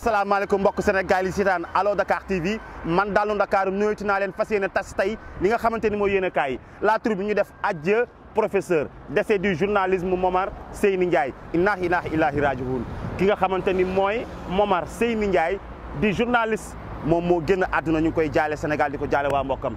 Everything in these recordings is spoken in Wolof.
asalaamaaleykum mbokk Sénégal yi seetaan Allo Dakar TV man Dalu Ndakaaru nuyooti naa leen fas yéene tas tey li nga xamante ni mooy yéen a kaay la tur bi ñu def adieu professeur décès du journalisme Momar Seyni Ndiaye inna ilaahi raji'un ki nga xamante ni mooy Momar Seyni Ndiaye di journaliste moom moo génn adduna ñu koy jaale Sénégal di ko jaale waa mbokkam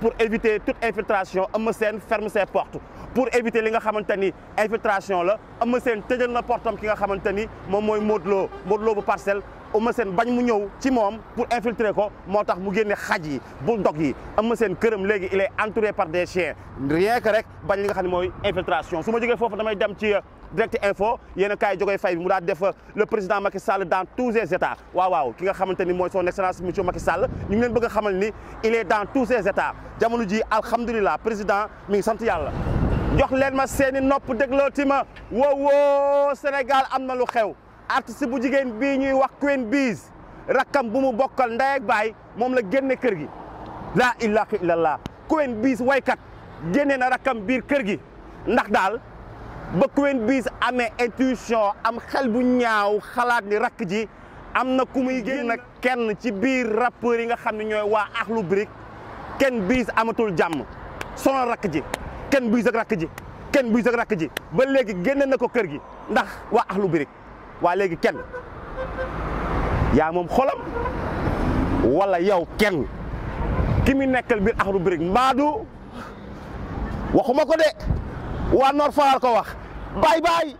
pour éviter toute infiltration Eumeu ferme ses portes pour éviter li nga xamante infiltration la Eumeu Sène tëjal na portam ki nga xamante ni moom mooy Modou Lo Lo bu Parcelles Eumeu bañ mu ñëw ci pour infiltrer ko moo tax mu génne xaj yi bul dog il est entouré par des chiens rien que rek bañ li nga xam ne infiltration su ma jógee foofu damay dem ci euh, direct info yéen kay kaay fay bi mu daal def euh, le président Macky Sall dans tous ses états waaw waaw ki nga xamanteni moy son excellence monsieur Macky Sall ñu ngi leen bëgg xamal ni il est dans tous ses états jamono ji alhamdoulillah président mi ngi sant yalla jox leen ma seeni nopp déglooti ma woo Sénégal amna lu xew artiste bu jigen bi ñuy wax Queen bees rakam bu mu bokkal nday ak bay mom la génné kër gi la ilaha illallah Queen bees way kat génné na rakam biir kër gi ndax dal ba Coenbiz amee intuition am xel bu ñaaw xalaat ni rakk ji am na ku muy génn nag kenn ci biir rappeurs yi nga xam ne ñooy waa Akhlou Brick Coenbiz amatul jàmm sonal rakk ji Coenbiz ak rakk ji Coenbiz ak rakk ji ba léegi génne na ko kër gi ndax waa Akhlou Brick waa léegi kenn yaa moom xolam wala yow kenn ki mu nekkal biir Akhlou Brick mbaadu waxuma ko de waa Nord Foire ko wax Bye bye.